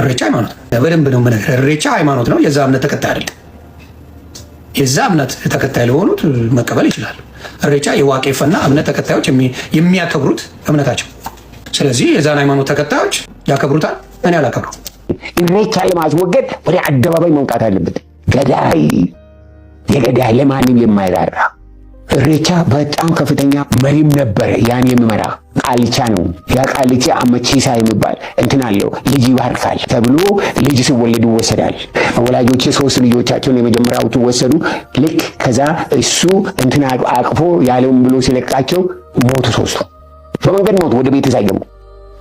እሬቻ ሃይማኖት በደንብ ነው የምነግርህ። እሬቻ ሃይማኖት ነው። የዛ እምነት ተከታይ አይደለም። የዛ እምነት ተከታይ ለሆኑት መቀበል ይችላሉ። እሬቻ የዋቄፈና እምነት ተከታዮች የሚያከብሩት እምነታቸው። ስለዚህ የዛን ሃይማኖት ተከታዮች ያከብሩታል። እኔ አላከብረው። እሬቻ ለማስወገድ ወደ አደባባይ መውጣት አለበት። ገዳይ የገዳይ ለማንም የማይራራ እሬቻ በጣም ከፍተኛ መሪም ነበረ ያን የሚመራ ቃልቻ ነው። ያ ቃልቻ አመቺሳ የሚባል እንትን አለው። ልጅ ይባርካል ተብሎ ልጅ ሲወለድ ይወሰዳል። ወላጆች ሶስት ልጆቻቸውን የመጀመሪያዎቹ ወሰዱ። ልክ ከዛ እሱ እንትን አቅፎ ያለውን ብሎ ሲለቃቸው ሞቱ። ሶስቱ በመንገድ ሞቱ፣ ወደ ቤት ሳይገቡ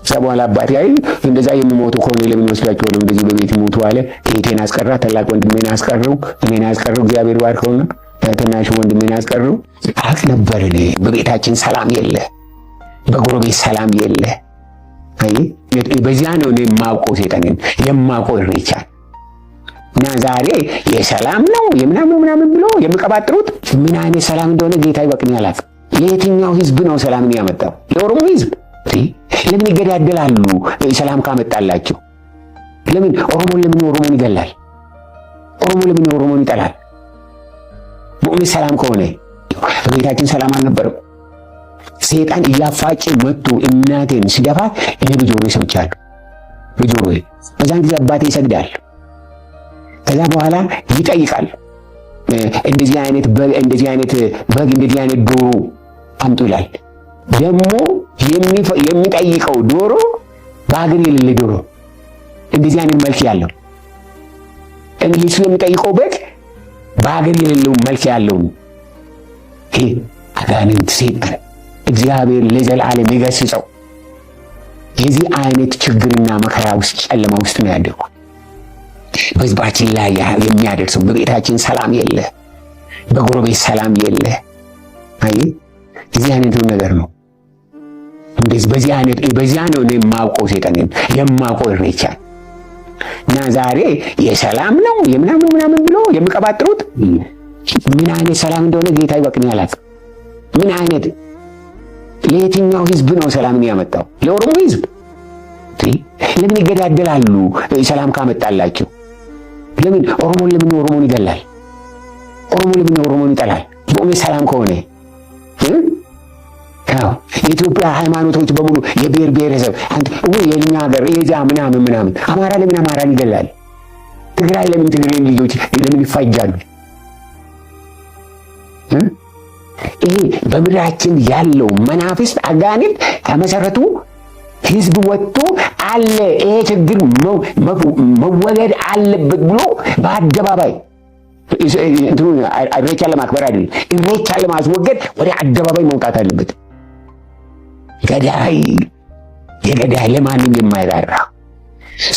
ከዛ በኋላ አባቴ አይ እንደዛ የሚሞቱ ከሆነ ለምን ይመስላችሁ ሆነ እንደዚህ በቤት ሞቱ አለ። እህቴን አስቀራ፣ ታላቅ ወንድሜን አስቀረው፣ እኔን አስቀረው፣ እግዚአብሔር ባርከውና ታናሽ ወንድሜን አስቀረው። አቅ ነበር እኔ በቤታችን ሰላም የለ በጎረቤት ሰላም የለ። በዚያ ነው የማውቀው ሴጠንን የማውቀው እሬቻን እና ዛሬ የሰላም ነው የምናምን ምናምን ብሎ የሚቀባጥሩት ምን አይነት ሰላም እንደሆነ ጌታ ያላት። የየትኛው ህዝብ ነው ሰላምን ያመጣው? የኦሮሞ ህዝብ ለምን ይገዳደላሉ? ሰላም ካመጣላቸው ለምን ኦሮሞን ለምን ኦሮሞን ይገላል? ኦሮሞ ለምን ኦሮሞን ይጠላል? በእውነት ሰላም ከሆነ በጌታችን ሰላም አልነበረም። ሴጣን እያፋጭ መጥቶ እናቴን ሲደፋት እኔ በጆሮዬ ሰምቻለሁ። በጆሮዬ በዛን ጊዜ አባቴ ይሰግዳል። ከዛ በኋላ ይጠይቃል። እንደዚህ አይነት በግ፣ እንደዚህ አይነት በግ፣ እንደዚህ አይነት ዶሮ አምጡ ይላል። ደግሞ የሚጠይቀው ዶሮ በሀገር የሌለ ዶሮ እንደዚህ አይነት መልክ ያለው እንግዲህ እሱ የሚጠይቀው በግ በአገር የሌለውን መልክ ያለውን አጋንንት ሴጣን እግዚአብሔር ለዘላለም ይገስጸው። የዚህ አይነት ችግርና መከራ ውስጥ ጨለማ ውስጥ ነው ያደርኩት። በህዝባችን ላይ የሚያደርሰው በቤታችን ሰላም የለ፣ በጎረቤት ሰላም የለ። አይ እዚህ አይነቱ ነገር ነው። እንደዚህ በዚህ አይነት በዚያ ነው ነው የማውቀው ሴጠን የማውቀው እሬቻ እና ዛሬ የሰላም ነው የምናምን ምናምን ብሎ የሚቀባጥሩት ምን አይነት ሰላም እንደሆነ ጌታ ይበቅን ያላት ምን አይነት ለየትኛው ህዝብ ነው ሰላምን ያመጣው? ለኦሮሞ ህዝብ። ለምን ይገዳደላሉ? ሰላም ካመጣላቸው ለምን ኦሮሞን ለምን ኦሮሞን ይገላል? ኦሮሞ ለምን ኦሮሞን ይጠላል? በእውነት ሰላም ከሆነ የኢትዮጵያ ሃይማኖቶች በሙሉ የብሔር ብሔረሰብ የኛ ሀገር የዛ ምናምን ምናምን፣ አማራ ለምን አማራን ይገላል? ትግራይ ለምን ትግሬን ልጆች ለምን ይፋጃሉ? ይሄ በምድራችን ያለው መናፍስት አጋንንት ከመሰረቱ ህዝብ ወጥቶ አለ ይሄ ችግር መወገድ አለበት ብሎ በአደባባይ እሬቻ ለማክበር አይደለም፣ እሬቻ ለማስወገድ ወደ አደባባይ መውጣት አለበት። ገዳይ የገዳይ ለማንም የማይራራ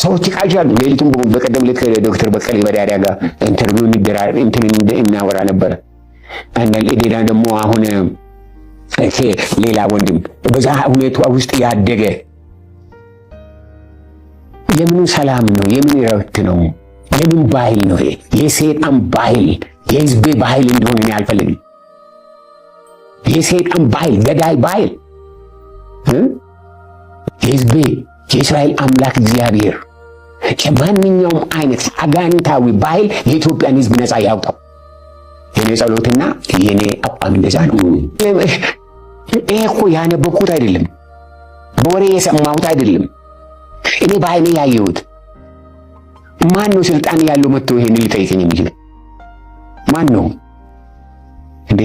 ሰዎች ይቃዣሉ። ሌሊቱን በቀደም ዕለት ከዶክተር በቀለ መዳዳ ጋር ኢንተርቪው እናወራ ነበር። ሌላ ደግሞ አሁን ሌላ ወንድም በዛ ሁኔታ ውስጥ ያደገ የምን ሰላም ነው? የምን ረብት ነው? የምን ባህል ነው? የሴጣን ባህል የህዝቤ ባህል እንደሆነ እኔ አልፈልግም። የሴጣን ባህል ገዳይ ባህል የህዝቤ የእስራኤል አምላክ እግዚአብሔር ከማንኛውም አይነት አጋንንታዊ ባህል የኢትዮጵያን ህዝብ ነፃ ያውጣው። የኔ ጸሎትና የኔ አቋም እንደዛ ነው። ይሄ እኮ ያነበብኩት አይደለም፣ በወሬ የሰማሁት አይደለም፣ እኔ በአይኔ ያየሁት። ማን ነው ስልጣን ያለው መጥቶ ይሄን ሊጠይቀኝ የሚችል ማን ነው እንዴ?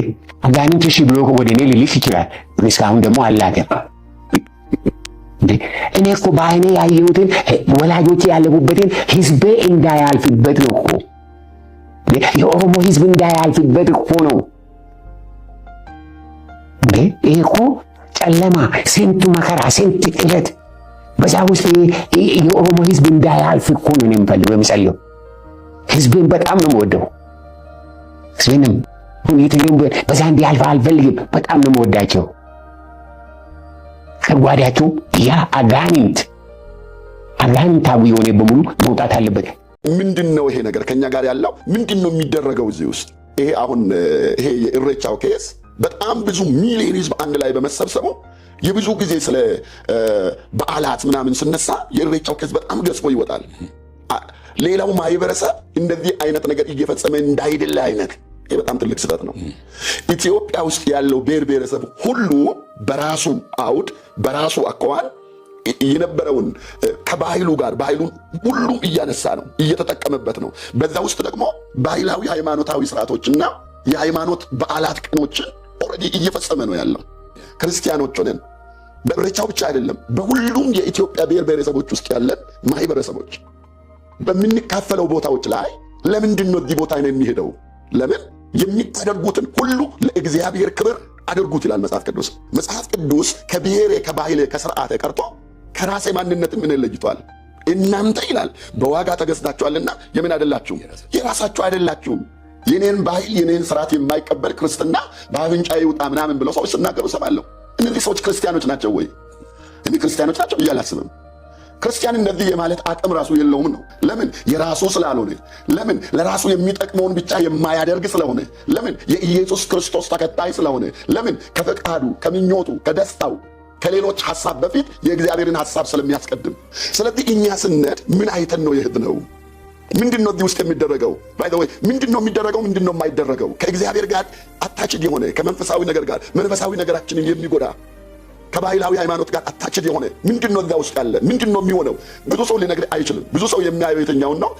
አጋንንት እሺ ብሎ ወደ እኔ ሊልክ ይችላል። እስካሁን ደግሞ አላገም እኔ እኮ በአይኔ ያየሁትን ወላጆች ያለፉበትን ህዝቤ እንዳያልፍበት ነው እኮ የኦሮሞ ህዝብ እንዳያልፍበት እኮ ነው። ይሄ እኮ ጨለማ፣ ስንት መከራ፣ ስንት ጥረት በዛ ውስጥ የኦሮሞ ህዝብ እንዳያልፍ እኮ ነው የምፈልገው የምጸልየው። ህዝብን በጣም ነው የምወደው። ህዝብንም የትም በዛ እንዲያልፍ አልፈልግም። በጣም ነው የምወዳቸው። ከጓዳቸው ያ አጋንንት አጋንንታዊ የሆነ በሙሉ መውጣት አለበት። ምንድን ነው ይሄ ነገር ከኛ ጋር ያለው ምንድን ነው የሚደረገው እዚህ ውስጥ? ይሄ አሁን ይሄ የእሬቻው ኬስ በጣም ብዙ ሚሊዮን ህዝብ አንድ ላይ በመሰብሰቡ የብዙ ጊዜ ስለ በዓላት ምናምን ስነሳ የእሬቻው ኬስ በጣም ገጽቦ ይወጣል። ሌላው ማህበረሰብ እንደዚህ አይነት ነገር እየፈጸመ እንዳይደለ አይነት ይህ በጣም ትልቅ ስህተት ነው። ኢትዮጵያ ውስጥ ያለው ብሔር ብሔረሰብ ሁሉ በራሱ አውድ በራሱ አኳኋን የነበረውን ከባህሉ ጋር ባህሉን ሁሉ እያነሳ ነው፣ እየተጠቀመበት ነው። በዛ ውስጥ ደግሞ ባህላዊ ሃይማኖታዊ ስርዓቶችና የሃይማኖት በዓላት ቀኖችን ኦልሬዲ እየፈጸመ ነው ያለው። ክርስቲያኖች ሆነን በኢሬቻው ብቻ አይደለም፣ በሁሉም የኢትዮጵያ ብሔር ብሔረሰቦች ውስጥ ያለን ማህበረሰቦች በምንካፈለው ቦታዎች ላይ ለምንድን ነው እዚህ ቦታ ነው የሚሄደው? ለምን የሚታደርጉትን ሁሉ ለእግዚአብሔር ክብር አድርጉት ይላል መጽሐፍ ቅዱስ። መጽሐፍ ቅዱስ ከብሔሬ ከባህሌ ከስርዓቴ ቀርቶ ከራሴ ማንነት ምን ለይቷል? እናንተ ይላል በዋጋ ተገዝታችኋልና የምን አይደላችሁም? የራሳችሁ አይደላችሁም። የኔን ባህል የኔን ስርዓት የማይቀበል ክርስትና በአፍንጫ ይውጣ ምናምን ብለው ሰዎች ስናገሩ ሰማለሁ። እነዚህ ሰዎች ክርስቲያኖች ናቸው ወይ? እኔ ክርስቲያኖች ናቸው ብዬ አላስብም። ክርስቲያን እንደዚህ የማለት አቅም ራሱ የለውም ነው። ለምን የራሱ ስላልሆነ፣ ለምን ለራሱ የሚጠቅመውን ብቻ የማያደርግ ስለሆነ፣ ለምን የኢየሱስ ክርስቶስ ተከታይ ስለሆነ፣ ለምን ከፈቃዱ ከምኞቱ ከደስታው ከሌሎች ሐሳብ በፊት የእግዚአብሔርን ሐሳብ ስለሚያስቀድም። ስለዚህ እኛ ስነድ ምን አይተን ነው የሄድ ነው? ምንድን ነው እዚህ ውስጥ የሚደረገው? ወይ ምንድን ነው የሚደረገው? ምንድን ነው የማይደረገው? ከእግዚአብሔር ጋር አታችድ የሆነ ከመንፈሳዊ ነገር ጋር መንፈሳዊ ነገራችንን የሚጎዳ ከባህላዊ ሃይማኖት ጋር አታችድ የሆነ ምንድን ነው እዛ ውስጥ ያለ ምንድን ነው የሚሆነው? ብዙ ሰው ሊነግር አይችልም። ብዙ ሰው የሚያየው የትኛውን ነው?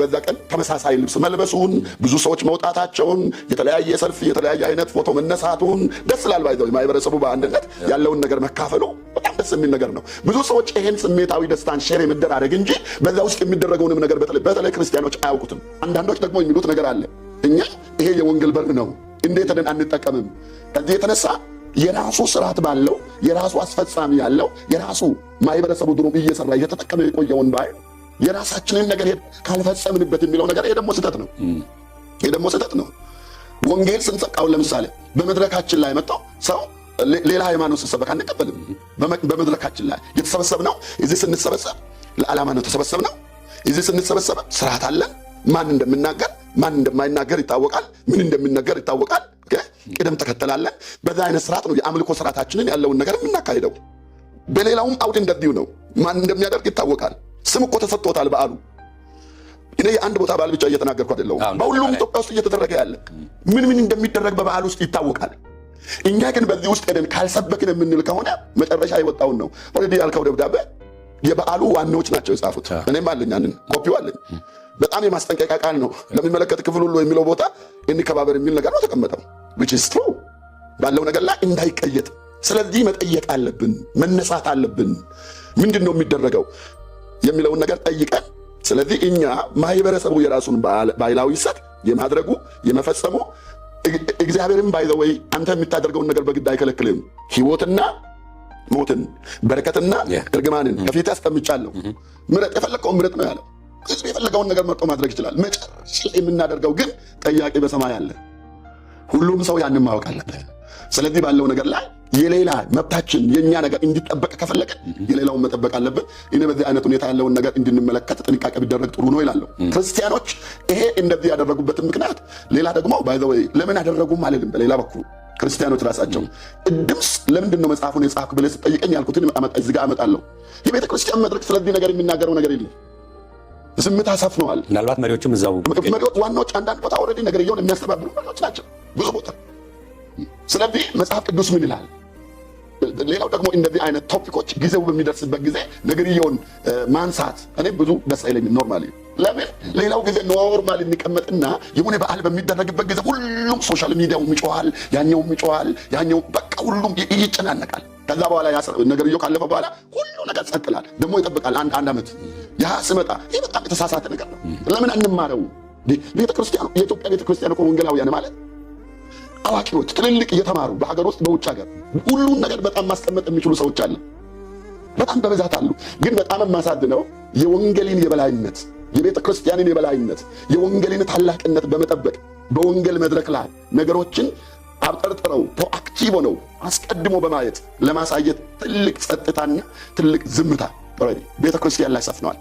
በዛ ቀን ተመሳሳይ ልብስ መልበሱን፣ ብዙ ሰዎች መውጣታቸውን፣ የተለያየ ሰልፍ፣ የተለያየ አይነት ፎቶ መነሳቱን ደስ ላል ባይዘው የማህበረሰቡ በአንድነት ያለውን ነገር መካፈሉ በጣም ደስ የሚል ነገር ነው። ብዙ ሰዎች ይሄን ስሜታዊ ደስታን ሼር የመደራረግ እንጂ በዛ ውስጥ የሚደረገውንም ነገር በተለይ ክርስቲያኖች አያውቁትም። አንዳንዶች ደግሞ የሚሉት ነገር አለ። እኛ ይሄ የወንጌል በር ነው እንዴት አንጠቀምም? ከዚህ የተነሳ የራሱ ስርዓት ባለው የራሱ አስፈጻሚ ያለው የራሱ ማህበረሰቡ ድሮም እየሰራ እየተጠቀመ የቆየውን ባህል የራሳችንን ነገር ካልፈጸምንበት የሚለው ነገር ይሄ ደግሞ ስህተት ነው። ይሄ ደግሞ ስህተት ነው። ወንጌል ስንሰብካውን ለምሳሌ በመድረካችን ላይ መጣው ሰው ሌላ ሃይማኖት ስንሰበክ አንቀበልም። በመድረካችን ላይ ነው እዚህ ስንሰበሰብ ለዓላማ ነው ነው። እዚህ ስንሰበሰብ ስርዓት አለን። ማን እንደምናገር ማን እንደማይናገር ይታወቃል። ምን እንደሚናገር ይታወቃል። ቅደም ተከተላለ። በዛ አይነት ስርዓት ነው የአምልኮ ስርዓታችንን ያለውን ነገር የምናካሄደው። በሌላውም አውድ እንደዚሁ ነው። ማን እንደሚያደርግ ይታወቃል። ስም እኮ ተሰጥቶታል በዓሉ። እኔ የአንድ ቦታ በዓል ብቻ እየተናገርኩ አይደለሁም። በሁሉም ኢትዮጵያ ውስጥ እየተደረገ ያለ ምን ምን እንደሚደረግ በበዓል ውስጥ ይታወቃል። እኛ ግን በዚህ ውስጥ ሄደን ካልሰበክን የምንል ከሆነ መጨረሻ የወጣውን ነው። ኦልሬዲ ያልከው ደብዳቤ የበዓሉ ዋናዎች ናቸው የጻፉት። እኔም አለኝ ያንን ኮፒው አለኝ። በጣም የማስጠንቀቂያ ቃል ነው ለሚመለከት ክፍል ሁሉ የሚለው ቦታ እንከባበር የሚል ነገር ነው ተቀመጠው። which is true ባለው ነገር ላይ እንዳይቀየጥ። ስለዚህ መጠየቅ አለብን፣ መነሳት አለብን። ምንድን ነው የሚደረገው የሚለውን ነገር ጠይቀን ስለዚህ እኛ ማህበረሰቡ የራሱን ባህላዊ እሴት የማድረጉ የመፈጸሙ እግዚአብሔርን ባይዘወይ አንተ የምታደርገውን ነገር በግድ አይከለክልም። ህይወትና ሞትን በረከትና እርግማንን mm-hmm. ከፊት አስቀምጫለሁ፣ mm-hmm. ምረጥ። የፈለግከውን ምረጥ ነው ያለው። ህዝብ የፈለገውን ነገር መርጦ ማድረግ ይችላል። መጨረሻ የምናደርገው ግን ጠያቂ በሰማይ አለ። ሁሉም ሰው ያንን ማወቅ አለበት። ስለዚህ ባለው ነገር ላይ የሌላ መብታችን የእኛ ነገር እንዲጠበቅ ከፈለገን የሌላውን መጠበቅ አለብን። ይህ በዚህ አይነት ሁኔታ ያለውን ነገር እንድንመለከት ጥንቃቄ ቢደረግ ጥሩ ነው ይላለሁ። ክርስቲያኖች ይሄ እንደዚህ ያደረጉበትን ምክንያት ሌላ ደግሞ ባይዘወይ ለምን ያደረጉም አልልም። በሌላ በኩል ክርስቲያኖች ራሳቸው ቅድምስ ለምንድን ነው መጽሐፉን የጻፍክ ብለህ ስጠይቀኝ ያልኩትን እዚህ ጋር አመጣለሁ። የቤተ ክርስቲያን መድረክ ስለዚህ ነገር የሚናገረው ነገር የለም። ዝምታ ሰፍነዋል። ምናልባት መሪዎችም እዛው መሪዎች ዋናዎች አንዳንድ ቦታ ኦልሬዲ ነገር እየሆነ የሚያስተባብሉ መሪዎች ናቸው ብዙ ቦታ። ስለዚህ መጽሐፍ ቅዱስ ምን ይላል? ሌላው ደግሞ እንደዚህ አይነት ቶፒኮች ጊዜው በሚደርስበት ጊዜ ነገርየውን ማንሳት እኔ ብዙ ደስ አይለኝም። ኖርማሊ ለምን ሌላው ጊዜ ኖርማል የሚቀመጥና የሆነ በዓል በሚደረግበት ጊዜ ሁሉም ሶሻል ሚዲያውም ይጮሃል፣ ያኛውም ይጮሃል፣ ያኛው በቃ ሁሉም ይጨናነቃል። ከዛ በኋላ ነገርየው ካለፈ በኋላ ሁሉ ነገር ጸጥላል። ደግሞ ይጠብቃል አንድ አንድ ዓመት ያ ስመጣ ይህ በጣም የተሳሳተ ነገር ነው። ለምን አንማረው? ቤተክርስቲያኑ የኢትዮጵያ ቤተክርስቲያን እኮ ወንጌላውያን ማለት አዋቂዎች ትልልቅ እየተማሩ በሀገር ውስጥ በውጭ ሀገር ሁሉን ነገር በጣም ማስቀመጥ የሚችሉ ሰዎች አለ፣ በጣም በብዛት አሉ። ግን በጣም ነው። የወንጌልን የበላይነት የቤተ ክርስቲያንን የበላይነት የወንጌልን ታላቅነት በመጠበቅ በወንጌል መድረክ ላይ ነገሮችን አብጠርጥረው ፕሮአክቲቭ ሆነው አስቀድሞ በማየት ለማሳየት ትልቅ ጸጥታና ትልቅ ዝምታ ቤተክርስቲያን ቤተ ክርስቲያን ላይ ሰፍነዋል።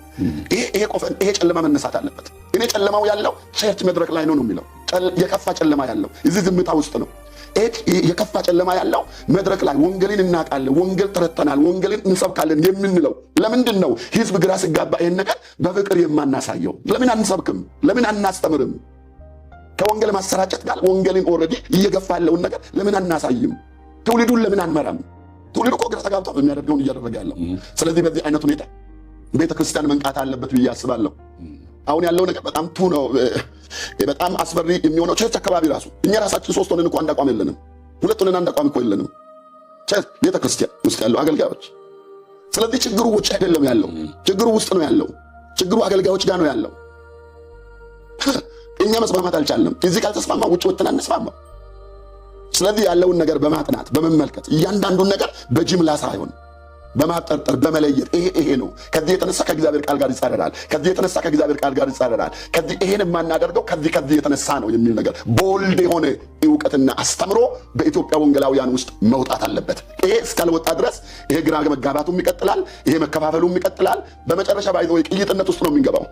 ይሄ ቆፈን ይሄ ጨለማ መነሳት አለበት። እኔ ጨለማው ያለው ቸርች መድረክ ላይ ነው ነው የሚለው የከፋ ጨለማ ያለው እዚህ ዝምታ ውስጥ ነው። የከፋ ጨለማ ያለው መድረክ ላይ ወንጌልን እናውቃለን፣ ወንጌል ተረተናል፣ ወንጌልን እንሰብካለን የምንለው ለምንድን ነው? ህዝብ ግራ ሲጋባ ይህን ነገር በፍቅር የማናሳየው ለምን አንሰብክም? ለምን አናስተምርም? ከወንጌል ማሰራጨት ጋር ወንጌልን ኦልሬዲ እየገፋ ያለውን ነገር ለምን አናሳይም? ትውልዱን ለምን አንመራም? ትውልዱ እኮ ግራ ተጋብቶ የሚያደርገውን እያደረገ ያለው። ስለዚህ በዚህ አይነት ሁኔታ ቤተ ክርስቲያን መንቃት አለበት ብዬ አስባለሁ። አሁን ያለው ነገር በጣም ቱ ነው። በጣም አስፈሪ የሚሆነው ቸርች አካባቢ ራሱ እኛ ራሳችን ሶስት ሆነን እኮ አንድ አቋም የለንም፣ ሁለት ሆነን አንድ አቋም እኮ የለንም ቤተ ክርስቲያን ውስጥ ያለው አገልጋዮች። ስለዚህ ችግሩ ውጭ አይደለም ያለው፣ ችግሩ ውስጥ ነው ያለው። ችግሩ አገልጋዮች ጋር ነው ያለው። እኛ መስማማት አልቻልንም። እዚህ ካልተስማማ ውጭ ወጥተን አንስማማም። ስለዚህ ያለውን ነገር በማጥናት በመመልከት እያንዳንዱን ነገር በጅምላ ሳይሆን በማጠርጠር በመለየት ይሄ ይሄ ነው። ከዚህ የተነሳ ከእግዚአብሔር ቃል ጋር ይጻረራል፣ ከዚህ የተነሳ ከእግዚአብሔር ቃል ጋር ይጻረራል፣ ከዚህ ይሄን የማናደርገው ከዚህ ከዚህ የተነሳ ነው የሚል ነገር ቦልድ የሆነ እውቀትና አስተምሮ በኢትዮጵያ ወንጌላውያን ውስጥ መውጣት አለበት። ይሄ እስካልወጣ ድረስ ይሄ ግራ መጋባቱም ይቀጥላል፣ ይሄ መከፋፈሉም ይቀጥላል። በመጨረሻ ባይዘው ቅይጥነት ውስጥ ነው የሚገባው።